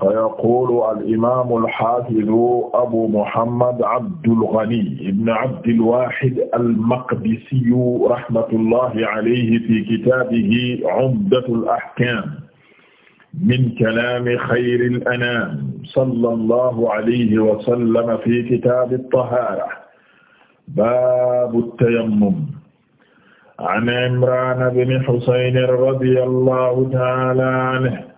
فيقول الإمام الحافظ أبو محمد عبد الغني بن عبد الواحد المقدسي رحمة الله عليه في كتابه عمدة الأحكام من كلام خير الأنام صلى الله عليه وسلم في كتاب الطهارة باب التيمم عن عمران بن حسين رضي الله تعالى عنه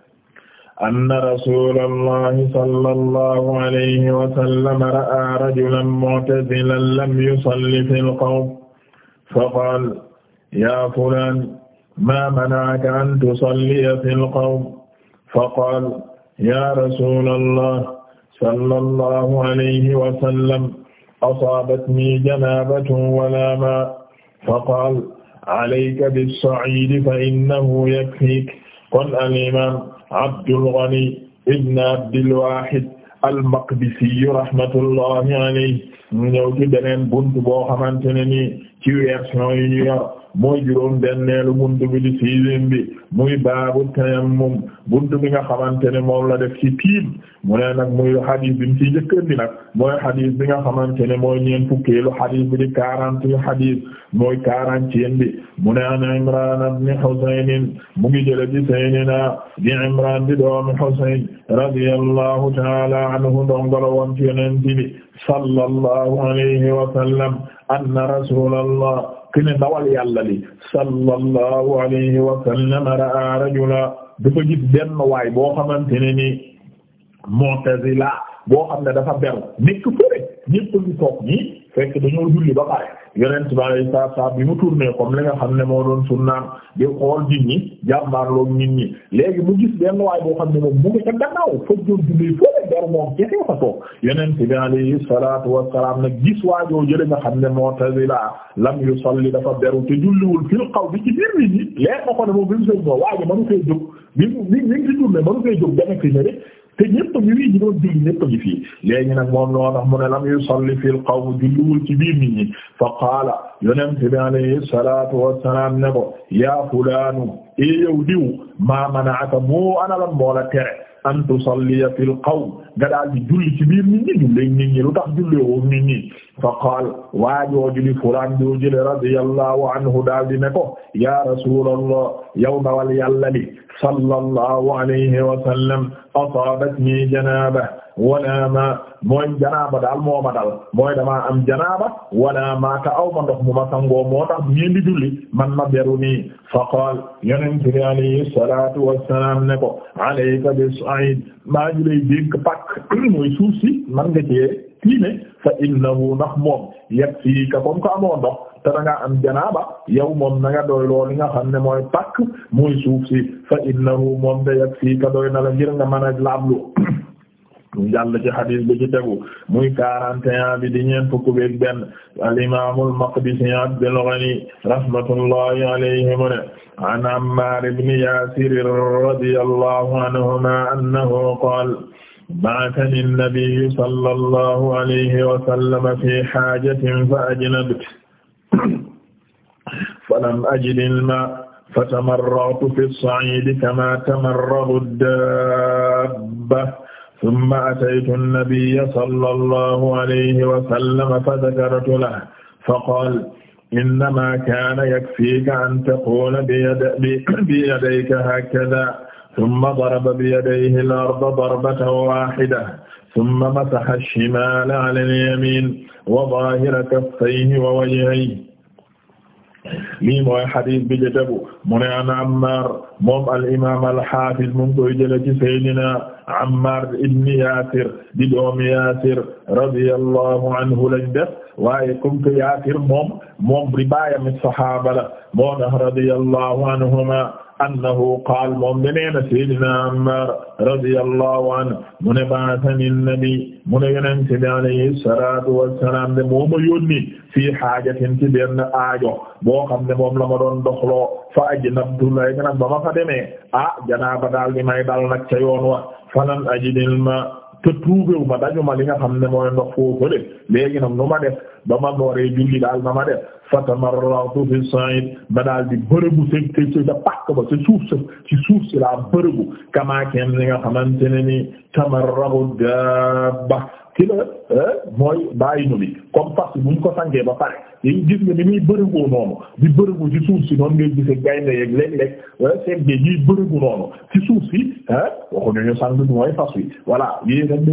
anna rasulallahi sallallahu alayhi wa sallam ra'a rajulan mu'tazilan lam yusalli fil qawm faqaala yaa fulaan maa mana'aka an tusalliya fil qawm faqaala yaa rasulallah sallallahu alayhi wa sallam asaabatnii janaabatun wa laa maa' faqaala alayka bis-sa'iidi fa innahu yakfiik qaala al-imaam Abdul Ghani ibn Abdil Wahid al-Maqdisi rahmatullahi alayhi mu ñëw ci beneen bunt boo xamante ne ni ci version yu ñu yor mooy juróom benneelu buntu bi di sixième bi muy baabu tayammum buntu bi nga xamante ne moom la def ci tiim mu ne nag muy xadiis bi mu ci njëkkandi nag mooy xadiis bi nga xamante ne mooy ñeent fukkeelu xadiis bi di quarante xadiis mooy quarantième bi mu ne an Imraan ibn Husayn mu ngi jële ci Seydina di Imraan di doomi Husayn radiyallahu ta'ala anhu ndongolo woon ci Yonent bi sallallahu alayhi wa sallam anna rasulallah kene ndawal yàlla li sallallahu alayhi wa sallam ra'a rajula dafa gis benn waay boo xamante ne ni mu'tazila boo xam ne dafa beru nekk fëre ñépp ngi toog nii fekk dañoo julli ba pare yonent bi saa saa bi mu tourné comme li nga xam ne moo doon sunnaam di xool nit ñi jàmbaarloog nit ñi léegi mu gis benn waay boo xam ne moom mu ngi ca gannaaw foog doon julli foofu jar moom kese fa toog yonent bi alayhi salaatu wassalaam nag gis waajoo jële nga xam ne mu'tazila lam yusalli dafa beru te julliwul fil qawli ci biir nit ñi leer ko ne moom bi mu sëñ bi waaye manu fee jóg bi mu bi mu ngi ci tourné manu fee te ñépp a ngi fii ñu doon julli ñépp a ngi fii léegi nag moom loo tax mu ne lam yusalli fil qawm julliwul ci biir nit ñi fa qaala yonent bi alayhi salaatu wassalaam ne ko yaa fulaanu ee yow diw maa mana'aka moo analam moo la tere an tusalliya fil qawm nga daal di julli ci biir nit ñi julli nit ñi lu tax jullee woo nit ñi fa qaal waajooju di fulaan joo jële radiyallahu anhu daal di ne ko yaa rasuulallah yow ndawal yàlla li sallallahu alayhi wa sallam asaabatni janaaba wala ma mooy janaaba daal moo ma dal mooy damaa am janaaba wala ma ta aw ndox mu ma sangoo moo tax ñii di julli man ma beru nii fa qaal yonent bi alayhi salaatu wassalaam ne ko alayka bis-sa'iid maa ngi lay dénk pàkk mooy suuf man nga cee tiime fa innahu ndax moom yakfiika comme ko amoo ndox te da ngaa am janaaba yow moom na nga doy lool li nga xam ne mooy pakk muy suuf si fa innahu moom da yag fii ka doy na la ngir nga mën a laablu ñu jàll ci xadis bi ci tegu muy quarante et un bi di ñeent fukk beeg benn al imam al Maqdisi Abdul Ghani rahmatullahi alayhi mu ne an Ammar ibn Yasir radiyallahu anhuma annahu qaala ba'athani an-nabiyyu sallallahu alayhi wa sallam fi haajatin fa ajnabtu falam ajid al-maa fatamarraqtu fi as-sa'iid kamaa tamarragu ad-daabba summa ataytu an-nabiyya sallallahu alayhi wa sallam fadakartu lahu faqaala innamaa kaana yakfiika an taquula biyadayka haakadhaa summa daraba biyadayhi al-arda darbatan waahidatan summa masaha ash-shimaala ala al-yamiin wa zaahira kaffayhi wa wajhayhi lii mooy xadis bi ci tegu mu ne an Ammaar moom al imaam al xaafiz mu ngi koy jëlee ci Seydina Ammaar ibn Yaasir di doomi Yaasir radiyallahu anhu lañ def waaye comme que Yaasir moom moom di baayam saxaaba la moo tax radiyallahu anhuma annahu qaal moom de nee na sayyidina Ammaar radiyallahu anhu mu ne ba'athani nabi mu ne yonent bi alayhi salaatu wassalaam de moo ma yónni fii xaajatin ci benn aajo boo xam ne moom la ma doon doxloo fa ajnabtu lay nag ba ma fa demee ah janaaba daal di may dal nag ca yoon wa falam ajidil ma te trouvé wu ma dañu ma li nga xam ne mooy ndox foofu de léegi nag nu ma def ba ma nooree julli daal na ma def fatamarrawtu fi sa'id ba daal di bërëbu seen te ci da pàkk ba ci suuf ci suuf si laa bërëbu kamaa kenn li nga xamante ne ni tamarrabu dabba ki la eh, mooy bàyyi nu bi comme fas bu ñu ko sàngee ba pare. yi gis nga ni muy bërëgoo noonu di bërëgu ci suuf si noonu ngay gise gaynde yeeg léeg-léeg euh, seen géej ñuy bërëgu noonu ci suuf si ah waxuñu ñu sàng ñu mooy fas wi voilà yii nag da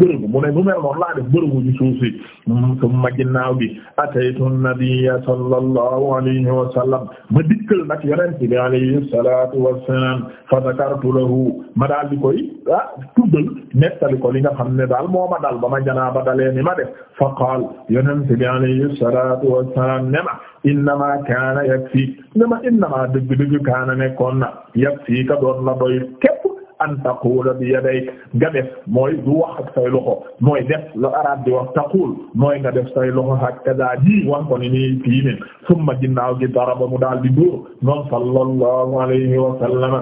bërëgu mu ne lu mel noonu laa def bërëgu ci suuf si mm, summa ginnaaw bi ataytu nabiyya sallallahu alayhi wa sallam ma dikkal nag yonent bi alayhi salatu wassalam fa zakartu lahu ma daal di koy ah tuddal nettali ko li nga xam ne daal moo ma dal ba ma janaaba dalee ni ma def fa qaal yonent bi wasalaam ne ma innama kaana yakfi ne ma innama dëgg-dëgg kaana nekkoon na yakfi ka doon la doy képp an taqula bi yaday nga def mooy du wax ak say loxo mooy def la arab di wax taqul mooy nga def say loxo ak kaza ji wan ko ni nii fii ne summa ginnaaw gi daraba mu daal di dóor noon sallallahu alayhi wa sallama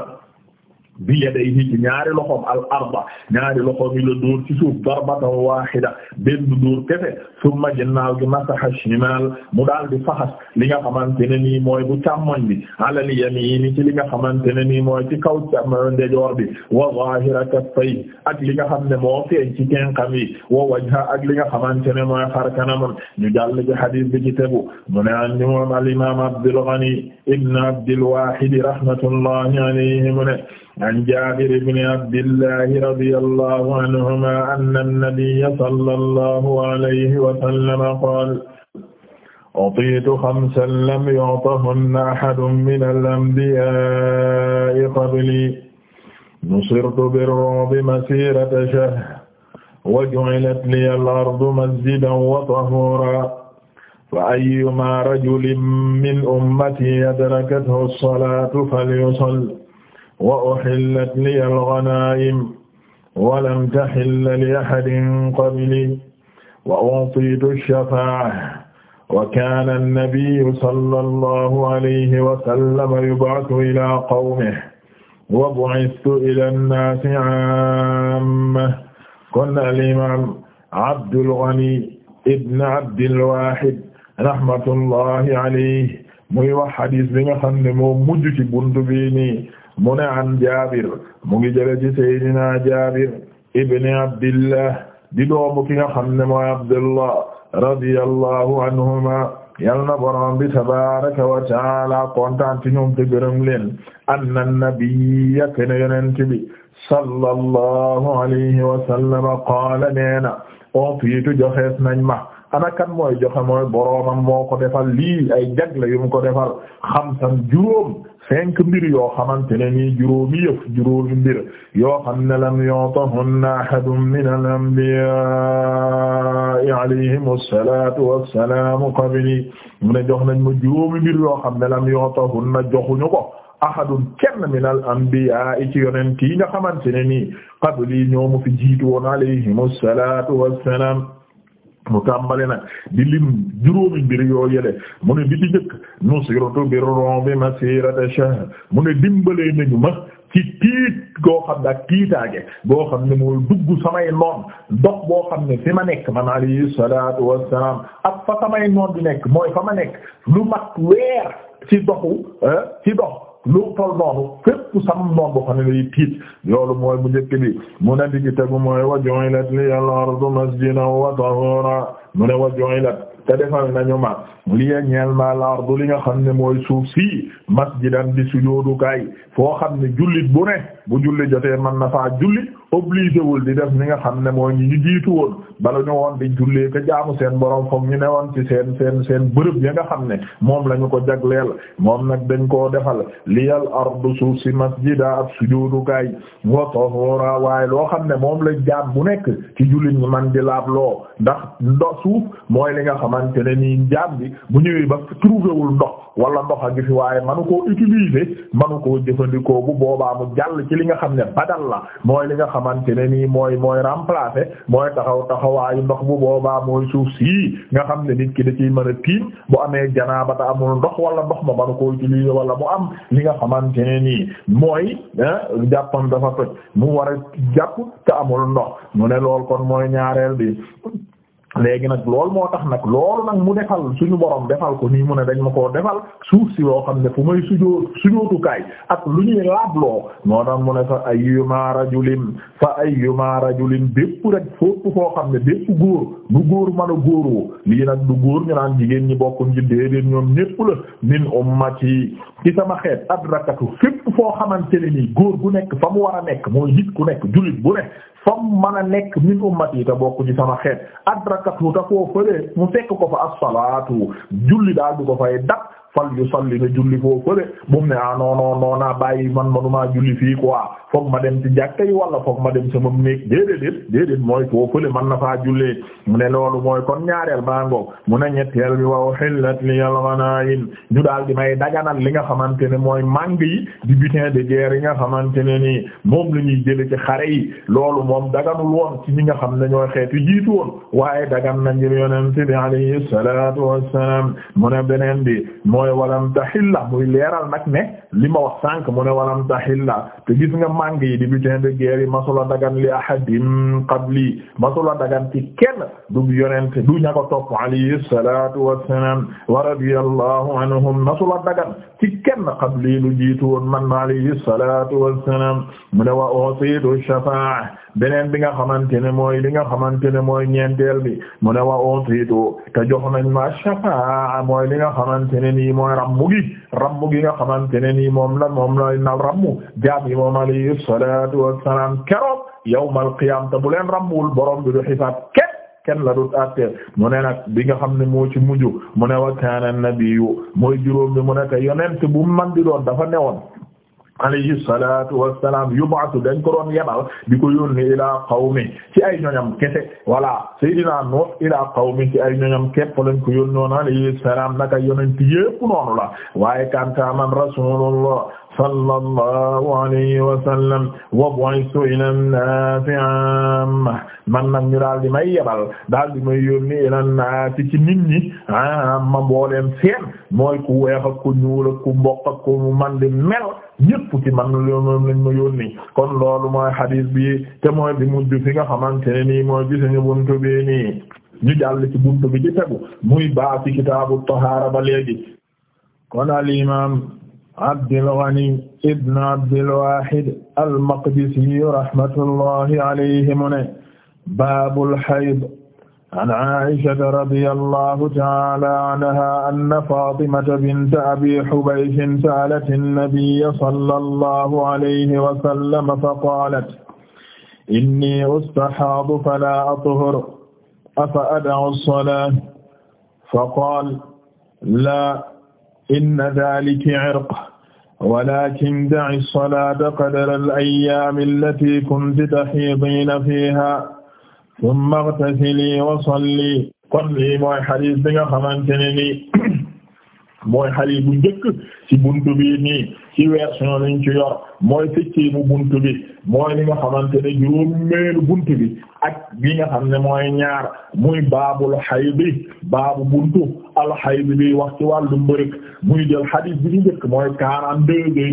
bi yadayhi ñaari loxoom al arba ñaari loxoom yi la dóor ci suuf darbatan wahida benn dóor kefe summa ginnaaw gi masaha shimal mu daal di faxas li nga xamante ne nii mooy bu càmmoñ bi alal yamini ci li nga xamante ne ni mooy ci kaw ndejoor bi wa zahira kaffay ak li nga xam ne moo feeñ ci tenqam yi wa ak li nga xamante ne mooy xar kanam ñu jàll ci hadith bi ci tegu mu ne an ñu moom al imam Abdul Ghani ibn Abdul Wahid rahmatullahi alayhi mu ne an Jaabir ibn Abdillah radiyallahu anhuma anna an-nabiyya sallallahu alayhi wa sallam qaala utiitu xamsan lam yu'tahunna ahadun mina al-anbiyaa'i qablii nusirtu bir-ru'bi masiirata shahr wa ju'ilat liya al-ardu masjidan wa tahuuran fa ayyumaa rajulin min ummatii adrakathu as-salaatu falyusalli wa uhillat liya al-ghanaa'im wa lam tahilla li ahadin qablii wa uutiitu ash-shafaa'ata wa kaana an-nabiyyu sallallahu alayhi wa sallam yub'athu ilaa qawmihi wa bu'ithtu ilaa an-naasi 'aammatan kon al-imaam Abdul Ghani ibn Abdil Waahid rahmatullahi alayhi muy wax hadiis bi nga xam ne moo mujj ci buntu bi nii mu ne an Jaabir mu ngi jële ci Seydina Jaabir ibn Abdillah di doomu ki nga xam ne mooy Abdullah radiyallahu anhuma yal na borom bi tabaaraka wa taala kontaan ci ñoom te gërëm leen anna nabiyya kana yonent bi sallallahu alayhi wa sallam qaala neena utiitu joxees nañ ma ana kan mooy joxe mooy boroomam moo ko defal lii ay jagle yu mu ko defal xamsan juróom cinq mbir yoo xamante ne nii juróomi yëf juróomi mbir yoo xam ne lam yu'tahunna ahadun min al-anbiya'i alayhimu as-salaatu was-salaamu qabli mu ne jox nañ ma juróomi mbir yoo xam ne lam yu'tahunna joxuñu ko ahadun kenn min al anbiya'i ci yonent yi nga xamante ne nii qabli ñoomu fi jiitu woon alayhimu as-salaatu was-salaam mu tàmbali nag di lim juróomi mbir yoo yële mu ne bi ci njëkk mu suratu bi rombi masirata shahr mu ne dimbalee nañu ma ci tiit goo xam ne ak tiitaage goo xam ne mooy dugg samay noon dox boo xam ne fi ma nekk man alayhi salaatu wassalaam ak fa samay noon di nekk mooy fa ma nekk lu mat weer ci doxu eh, ci dox lu tol noonu fépp sam noon boo xam ne lay tiit mooy bu njëkk bi mu ne digg tegu mooy wa ju'ilat liyal ardu masjidan wa tahura mu ne te defal nañu ma li ñeel ma lardu li nga xam ne mooy suuf si masjidan di sujoodukaay foo xam ne jullit bu ne bu julli jotee man na faa julli obligé wul di def ni nga xam ne mooy ñi ñu jiitu woon woon di jullee ko jaamu seen borom foog ñu ne woon ci seen seen seen bërëb ya nga xam ne moom la ñu ko jagleel moom nag dañ koo defal li liyal ardu suuf si masjida ab sujudukaay wa tahura waaye loo xam ne moom lañ jaam bu nekk ci jullit ñi man di laabloo ndax ndo suuf mooy li nga xam xamante nii jaam bi bu ñëwee ba trouvéwul ndox wala ndox a ngi waaye manu koo utiliser manu koo jëfandikoo bu boobaa mu jàll ci li nga xam ne badal la mooy li nga xamante ne nii mooy mooy remplacer mooy taxaw taxawaayu ndox bu boobaa mooy suuf sii nga xam ne nit ki da ciy mën a tiim bu amee janaaba ta amul ndox wala ndox ma manu koo utiliser wala mu am li nga xamante ne nii mooy eh, jàppam dafa toj mu war a jàpp te amul ndox mu ne lool kon mooy ñaareel bi léegi nag loolu moo tax nag loolu nag mu defal suñu borom defal ko nii mu ne dañ ma koo defal suuf si loo xam ne fu may sujoo sujootukaay ak lu ñuy loo moo tax mu ne fa ayyuma rajulin fa ayyuma rajulin bépp rek foofu foo xam ne bépp góor du góor mën góor góoroo lii nag du góor ñu naan jigéen ñi bokkuñ ci déedéet ñoom ñépp la min ummati ci sama xeet adrakatu fépp foo xamante ne nii góor gu nekk fa mu war a nekk mooy nit ku nekk jullit bu nekk fam man a nekk min ummati te bokk ci sama xeet adrakatu te foo fële mu fekk ko fa as-salaatu julli daal du ko fay dab fal yu salli na julli foo fële bu mu ne ah non non non bàyyi man manumaa julli fii quoi foog ma dem ci jàkka yi wala foog ma dem sama néeg déedéet déedéet mooy foo fële man na faa jullee mu ne loolu mooy kon ñaareel maa ngoog mu ne ñetteel bi wa uhillat liyal ghanaa'im ñu daal di may daganal li nga xamante ne mooy màng yi di butin de guerre yi nga xamante ne nii moom la ñuy jële ci xare yi loolu moom daganul woon ci ñi nga xam ne ñooy xeetu jiitu woon waaye dagan na ngir yonent bi alayhi salaatu wassalaam mu bi mooy walam taxilla muy leeral nag ne li ma wax sànq mu ne walam tahilla te gis nga màng yi di butin de guerre yi masula dagan li ahadim qabli masula dagan ci kenn du yonent du ña ko topp alayhi salatu wassalam wa radiyallahu anhum masula dagan ci kenn qabli lu jiitu woon man alayhi salatu wassalam mu ne wa usitu shafa'a beneen bi nga xamante ne mooy li nga xamante ne mooy ñeenteel bi mu ne wa usitu te jox nañ ma shafa'a mooy li nga xamante ne nii mooy rammu gi rammu gi nga xamante ne nii moom la moom lay na rammu jaam yi moom alayhi salaatu wassalaam keroog yawmal qiyaam te bu leen rammuwul borom bi du xisaab kenn kenn la dut atte mu ne nag bi nga xam ne moo ci mujj mu ne wa kaana nabiyyu mooy juróom bi mu ne te yonent bu man di doon dafa newoon alayhi salaatu wassalaam yub'atu dañ ko doon yebal di ko yónni ilaa qawmi ci ay ñoñam kese voilà Seydina Nuux ilaa qawmi ci ay ñoñam képp lañ ko yónnoon alayhi salaam naka yonent yépp noonu la waaye kanta man rasuulullah sallallahu alayhi wa sallam wa bu'ithu ilan nafi'am man nag ñu daal di may yebal daal di may yónni ilan naafi ci nit ñi amma mbooleem seen mooy ku weex ak ku ñuul ku mboq ak ku man di mel ñépp ci man loolu lañ ma yónni kon loolu mooy xadiis bi te mooy bi mujj fi nga xamante ne nii mooy gis buntu bi nii ñu jàll ci buntu bi ci tegu muy baa kitaabu tahaara ba léegi kon al imaam Abdul Ghani ibn Abdul Wahid al-Maqdisi rahmatullahi alayhi mu ne baabul hayd an Aïshata radiyallahu ta'ala anha anna Fatimata binta Abi Hubaysh sa'alat an-nabiyya sallallahu alayhi wa sallam faqaalat inni ustahaadu falaa athhur afa ada'u as-salaata faqaala laa inna daalika irq walaakin da'i salaata qadara al-ayyaami allatii kunti tahiidiina fiihaa thumma ightasilii wa sallii kon lii mooy xadiis bi nga xamante ne nii mooy xali bu njëkk buntu bi nii ci version liñ ci yor mooy fëccee mu buntu bi mooy li nga xamante ne juróom-meelu buntu bi ak bi nga xam ne mooy ñaar muy baabul xaydi baabu buntu al xaydi bi wax ci wàllu mbërëk muy jël xadis bi ci njëkk mooy quarante deux day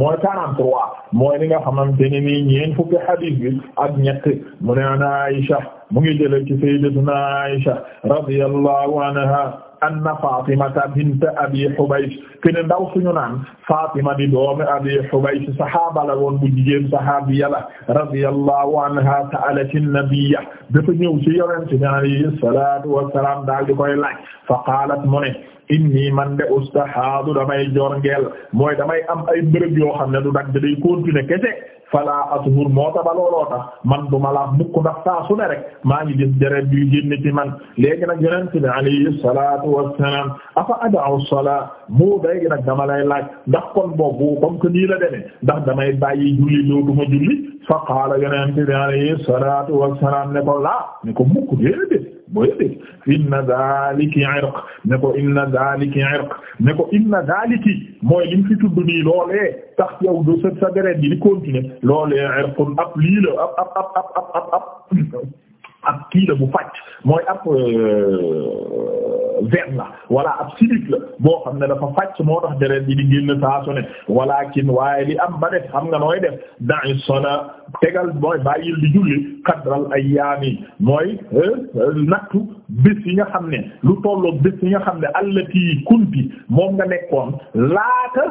mooy quarante trois mooy li nga xamante ne nii ñeen fukki xadis bi ak ñett mu ne an Aisha mu ngi jële ci sayyidatuna Aisha radiyallahu anha anna Fatimata bint Abi Hubaysh kene ndaw suñu naan Fatima di doomi Abi Hubaysh sahaaba la woon bu jigéen sahaabiya la radiyallahu anha sa'alat an-nabiyya dafa ñëw ci yonent bi alayhi salaatu wa salaam daal di koy laaj fa qaalat mu ne inni man de ustahaadu damay jorngeel mooy damay am ay bërëb yoo xam ne du dagg day ne kese falaa atuhur moo tax ba looloo tax man du ma laaf mukk ndax saa su ne rek maa ngi gis deret bi génn ci man léegi nag yonent bi alayhi salaatu wassalaam afa ada'u salaa mu léegi nag dama lay laaj ndax kon boobu comme que nii la demee ndax damay bàyyi julli dootuma julli fa qaala yonent bi alayhi salaatu wassalaam ne ko laa ne ko mukk déedéet mooy dégg inna daaliki irq ne ko inna daaliki irq ne ko mooy lim fi tudd nii loolee tax yow do sa sa deret bi di continuer loolee irqun ab lii la ab kii la bu fàcc mooy ab euh, veine la wala ab silik la boo xam ne dafa fàcc moo tax deret bi di génn saa su ne walakin waaye li am ba def xam nga nooy def da'i sona tegal mooy bàyyil di julli qadral ayyaami mooy euh, nattu bés yi nga xam ne lu tolloog bés yi nga xam ne allati kunti moom nga nekkoon laata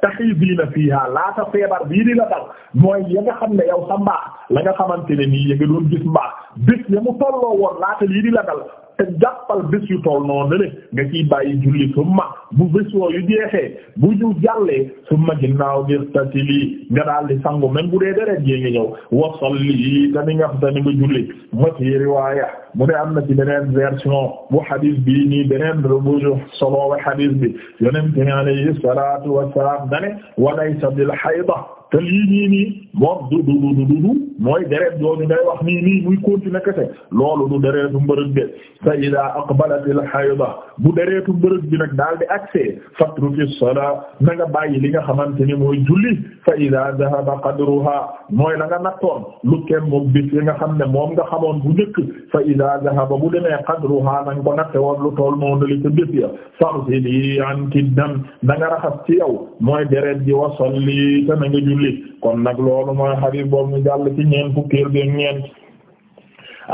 taxiziina fiihaa laata feebar bii di la dal mooy ya nga xam ne yow sa mbaax la nga xamante ne nii ya nga doon gis mbaax bés ya mu tolloo woon laata lii di la dal te jàppal bés yu toll noonu ne nga ciy bàyyi julli summa bu bés yu jeexee bu ñu jàllee summa ginnaaw ngir tatili nga daal di sangu même bu dee deret jee ngi ñëw wasal lii tani nga tani nga julli ma ci riwaaya mu ne am na ci beneen version bu hadis bi nii beneen rebuju solo wa hadis bi wa alayhi salatu wassalam dane walaysa bil hayda te lii nii nii moom du du du du du mooy deret jooju ngay wax nii nii muy continuer kese loolu du deretu mbërëg de fa ida aqbalatil hayda bu deretu mbërëg bi nag daal di accès fatruki sala na nga bàyyi li nga xamante ni mooy julli fa ida dhahaba qadruha mooy la nga nattoon lu kenn moom bis yi nga xam ne moom nga bu njëkk fa ida dhahaba bu demee qadruha na nga ko natte woon lu tool noonu li ca bis ya farsili anki dam na nga raxas ci yow mooy deret ji wasalli te na julli kon nag loolu mooy xadiis boobu ñu jàll ci ñeent fukkeel bi ñeent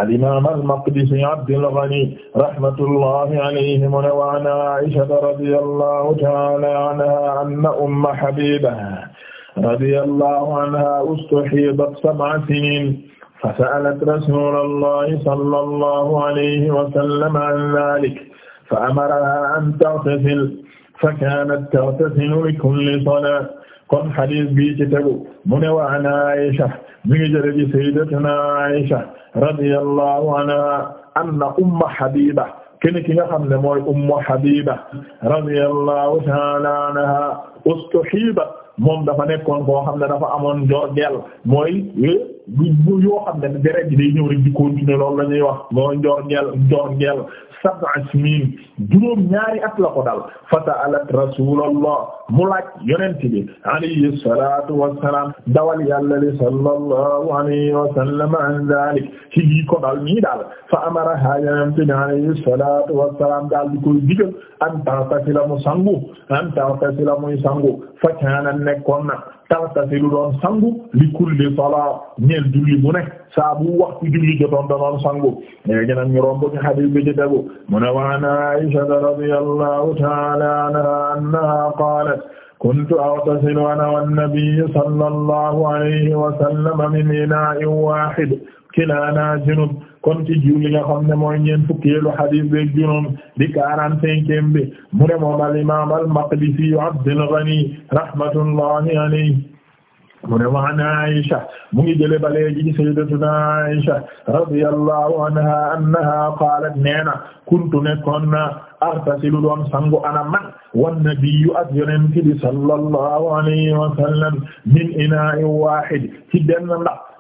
al-imaam al-Maqdisi Abdul Ghani rahmatullahi alayhi mu ne wa an Aysata radiyallahu ta'ala anha anna Umma Habiba radiyallahu anha ustuhidat sab'a sinin fasa'alat rasuulallahi sallallahu alayhi wa sallam an dhalik fa amaraha an taghtasil fa kaanat taghtasil li kulli salaat kon xadis bi ci mu ne wa an Aisha mi ngi jële ci sayyidatuna Aisha radiyallahu anha anna umma Habiba kenn ki nga xam ne mooy ummu Habiba radiyallahu ta'ala anha ustuhiba moom dafa nekkoon koo xam ne dafa amoon jorgel mooy bu yoo xam ne deret ji day ñëw rek di continuer loolu la ñuy wax moo njoor ngeel njoor ngeel sab'a sinin juróom ñaari at la ko dal fasa alat rasulallah mu laaj yonent bi alayhi salatu wassalam wa sallam an dalik ci lii dal di koy digal an taxtasi la an taxtasi la fa kaana nekkoon tagtasilu doon sangu li kulli salaa ñeel julli bu ne saa bu waxtu julli jotoon da doon sangu léegi nag ñu romb ci hadith bi ci tegu mu ne waan Aisha radiyallahu ta'ala anha annaha qalat kuntu aghtasilu ana wan-nabiyyu sallallahu alayhi wa sallam min ina'in wahid kilana junub kon ci jiw li nga ne mooy ñeent fukkeelu xadiis beeg juróom di quarante bi mu ne al imaam al Maqdisi Abdul Ghani rahmatullahi alayhi mu ne wa an Aisha mu ngi jële balee ji sayyidatuna Aisha anha annaha qaalat neena kuntu nekkoon na artasilu doon sangu ana man wan nabiyyu ak yonent sallallahu alayhi wa sallam min ina'in waahid ci benn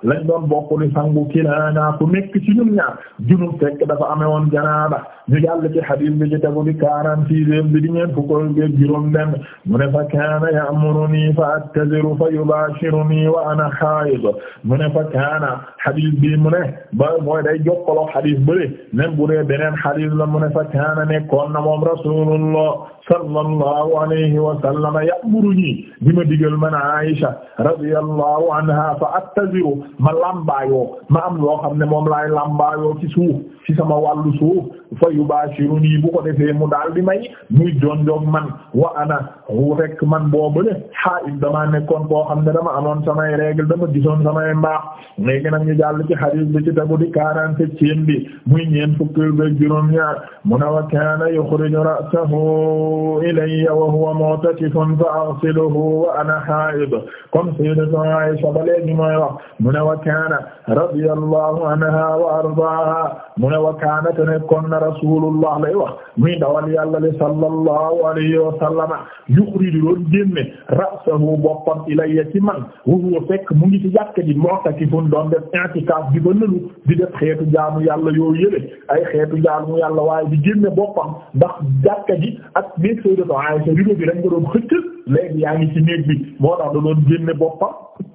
lañ doon bokk di sangu Kinaana ku nekk ci ñun ñaar junub fekk dafa amee woon janaaba ñu jàll ci hadith bi ci tegu di quarante-sixième bi di ñeent fukk ak juróom benn mu ne fa kaana ya'muruni fa attaziru fa yubashiruni wa ana haid mu ne fa kaana hadith bi mu ne ba mooy day jokkaloo hadith bële même bu dee beneen hadith la mu ne fa kaana nekkoon na moom rasulullah sallallahu alayhi wa sallam ya'muruni bi ma digal man Aisha radiyallahu anha fa attaziru ma lambaayoo ma am loo xam ne moom laay lambaayoo ci suuf ci sama wàllu suuf fa yubashiruni bu ko defee mu daal di may muy jonjog man wa ana wu rek man boobule xaa it damaa nekkoon koo xam ne dama amoon samay règle dama gisoon samay mbaax léegi nag ñu jàll ci xadiis bi ci tagu di quarante-septième bi muy ñeent fukki ak juróom ñaar mu ne wa kaana yuxriju ra'sahu ilayya wa huwa mu'takifun fa aghsiluhu wa ana haa'id kon sayyidatu Aisha ba léegi mooy wax mu ne wa kaana radiyallahu anha wa ardaaha mu ne wa kaana te nekkoon na rasulullah lay wax muy dawal yàlla li sallallahu alayhi wa sallama yuxriju doon génne ra'sahu boppam ilayya ci man wa huwa fekk mu ngi ci jàkka ji mu'takifun doon def i'tikaf di ba nëlu di def xeetu jaamu yàlla yoo yële ay xeetu jaamu yàlla waaye di génne boppam ndax jàkka ji ak néeg Sayyidatu Aisha rido bi dañ ko doon xëcc léegi yaa ngi ci néeg bi moo tax da doon génne boppam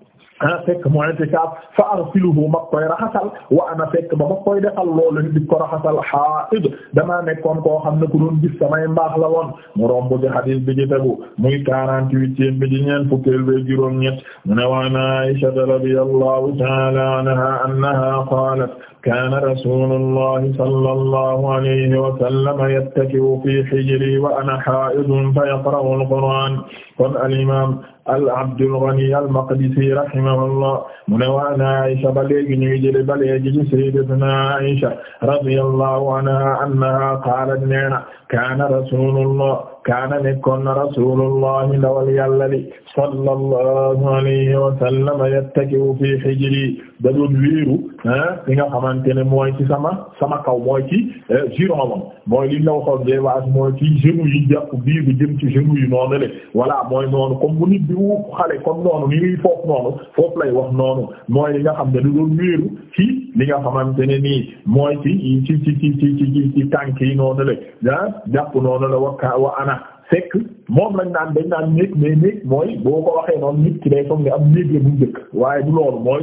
ana fekk mu i'tikaaf fa arsiluhu ma koy raxasal wa ana fekk ba ma koy defal loolu di ko raxasal haa'id damaa nekkoon koo xam ne ku doon gis samay mbaax la woon mu romb ci hadiis bi ci tegu muy quarante-huitième bi di ñeent fukkeel bi juróom ñett mu ne wa an Aisha radiyallahu ta'ala anha annaha qaalat kaana rasuulullahi sallallahu alayhi wa sallam yattaki'u fi hijri wa ana haa'idun fa yaqra'u al-qur'aan kon al-imaam al Abdul Ghani al Maqdisi rahimahullah mu ne waan Aisha ba léegi ñuy jëlee ba léegi ci sayyidatuna Aisha radiyallahu anha annaha qaalat nee na kaana rasulullah kaana nekkoon na rasulullahi ndawal yàlla li sallallahu alayhi wa sallam yattaki'u fi hijri da doon wéeru ah li nga xamante ne mooy ci sama sama kaw mooy ci eh, giron moom yi jàpp bii bu jëm ci genoux yi noonu le voilà mooy noonu comme bu nit bi wu xale comme noonu ni muy foofu noonu foofu lay wax noonu mooy li nga xam ne da doon wéeru ci li nga xamante ne nii mooy ci ci ci ci ci ci ci tànk yi le ah wa ana ah fekk moom lañ naan dañ naan néeg mais néeg mooy boo ko waxee noonu nit ki day foog ne am néeg la bu njëkk waaye du loolu mooy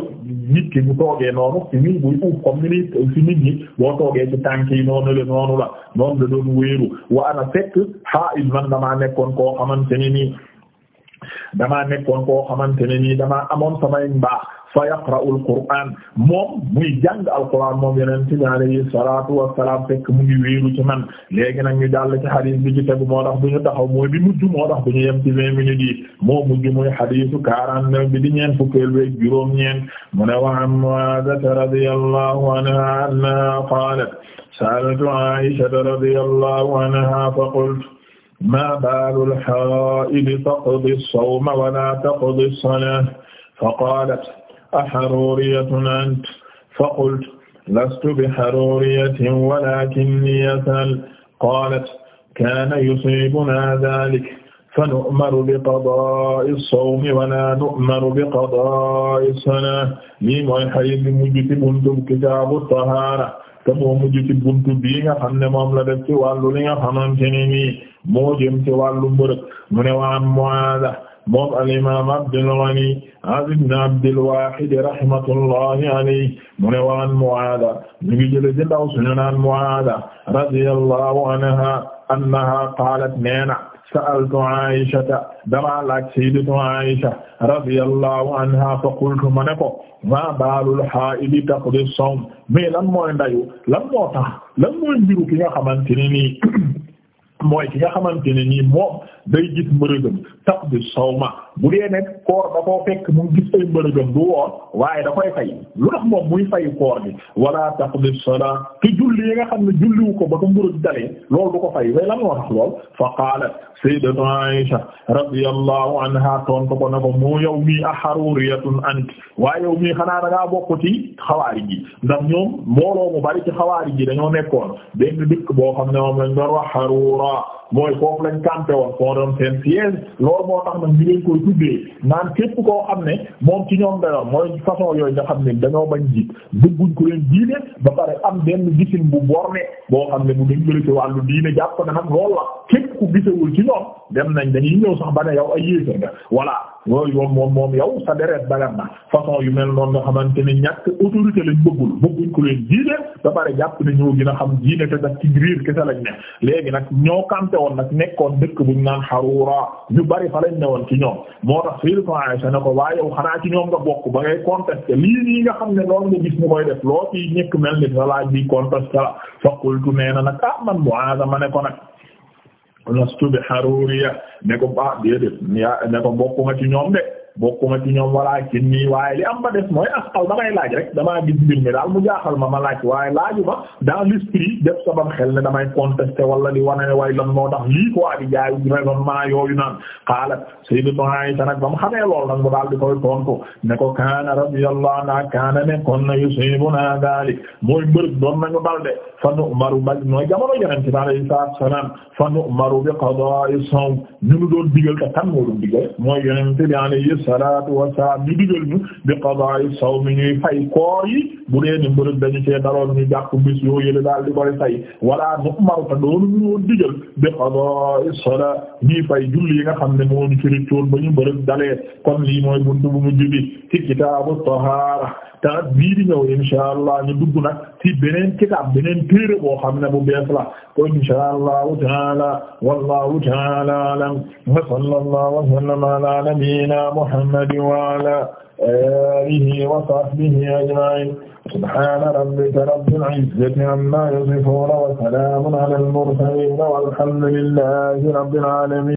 nit ki bu toogee noonu ci nii buy uuf comme ni ni boo toogee ci tànk yi noonu la noonu la noonu la doon wéeru wa ana fekk xaa il man damaa nekkoon koo xamante ni nii damaa nekkoon koo xamante ne nii damaa amoon samay mbaax fa yaqra'ul qur'aan moom muy jàng alquran moom yeneen ci alayhi salaatu wassalaam fekk mu ngi wéeru ci man léegi nag ñu jàll ci xadis bi ci taxaw mooy bi mujj moo tax du ñu yem ci vingt minutes yi moo mujj muy xadisu quarante neuf bi di ñeent fukkeel week juróom ñeent mu ne wa an Mu'aadata radiyallahu anha annahaa qaalat sa'altu Aa'ishata radiyallahu anha fa qultu ma baalul haa'idi taqdi as-sawma wa laa taqdi as-salaata fa qaalat aharuuriyatun anta fa qultu lastu biharuuriyatin walaakinnii as'alu qaalat kaana yusiibunaa dhaalika fanu'maru biqadaa'i as-sawmi wa laa nu'maru biqadaa'i as-salaati lii mooy xarit bi mujj ci buntu kitaabu tahaara te moo mujj ci buntu bii nga xam ne moom la def ci wàllu li nga xamante ne nii moo jëm ci wàllu mbërëg mu ne waan moada moom alimam Abdul Ghani ibn Abdul Wahid rahmatullahi alayhi mu ne waan moada ñu ngi jële ci ndaw suñu naan moada radiyallahu anha annaha qaalat neena sa'altu Aysata damaa laaj sayyidatu Aysa radiyallahu anha fa qultu ma ne ko ma baalul haa'idi taqdi as-sawm mais lan mooy ndayu lan moo tax lan mooy mbiru ki nga xamante ne nii mooy ki nga xamante ne nii moom da koo fekk mu gis bi wala tax bi sola te julli yi nga xam ne julliwu ko ba ko mbërëg dalee loolu du ko fay way lan moo tax lool fa qaalat sayyidatu Aisha radiyallahu anha ko ko ne ko mu yow mii aharuriyatun ant waaye yow mii xanaa da ngaa bokk ci xawaari ji ndax ñoom mbooloo mu bari ci xawaari ji dañoo nekkoon benn dëkk boo xam ne moom lañ doon wax Harura Allah mooy foofu lañ campé woon foo doon seen siège loolu moo tax nag ñu leen koy tuddee naan képp koo xam ne moom ci ñoom dayoon mooy façon yooyu nga xam ne dañoo bañ jiit bëgguñ ko leen diine ba pare am benn gisin bu borne boo xam ne bu dañ jële wàllu diine jàpp na nag loolu la képp ku nañ dañuy ñëw sax ba yow ay yéese nga voilà yooyu moom moom moom yow sa deret dagan na xamante ni ñàkk autorité lañ bëggul bëgguñ ko leen diine ba pare jàpp ne a xam diine te daf ci riir kese lañ ne léegi nag ñoo campé woon nag nekkoon dëkk buñ naan xarura ñu bari fa lañ newoon ci ñoom moo tax sayyidatuna Aisha ne ko waaye yow xanaa ci ñoom nga bokk ba ngay contesté lii nii nga xam ne loolu nga gis mu def loo ci mel ni sa laaj bi contesté la fa qultu nee na nag ah man Muaz ma ne ko nag lastu bi xaruriya ne ko baax ah, déedéet ne ko bokk nga ci ñoom de bokkuma ci ñoom walaa ci nii waaye li am ba des mooy asxal damay laaj rek damaa gis mbir mi daal mu jaaxal ma ma laaj waaye laaju ma dans l'esprit def sabam xel ne damay contester wala di wane ne way lan moo tax lii ko di jaayu raisonnement yooyu naan xaalat sayyidatu Aisha nag ba mu xamee lool nag mu daal di koy tontu ne ko kaana radiyallahu anha kaana ne kon na yusibuna dalik mooy mbërëg doon nañu dal de fa nu'maru ba mooy jamono yonent bi alayhi salaatu wa salaam fa nu'maru bi qada'i sawm ñu doon digal te kan moo salaatu wassalaam ñu digal ñu bi qadaa'i sawmi ñuy fay koor bu dee ni mbërëg dañu cee daloon ñu jàpp bis yoo yële daal di koy fay wala nu'maru te doonu ñu woon digal bi qadaa'i salaat ñuy fay julli yi nga xam ne moo ñu ci rëccoon ba ñu mbërëg dalee kon lii mooy buntu bu mujj bi ci kitaabu tahaara te bii di ñëw insha allah ñu dugg nag ci beneen kitaab beneen téere boo xam ne bu bees la ko insha allahu taala wallahu taala alam wa sallallahu wa sallama ala nabiyyina muhammadin wa ala alihi wa sahbihi ajma'in subhana rabbika rabbil izzati amma yasifun wa salamun ala al mursalin walhamdulillahi rabbil alamin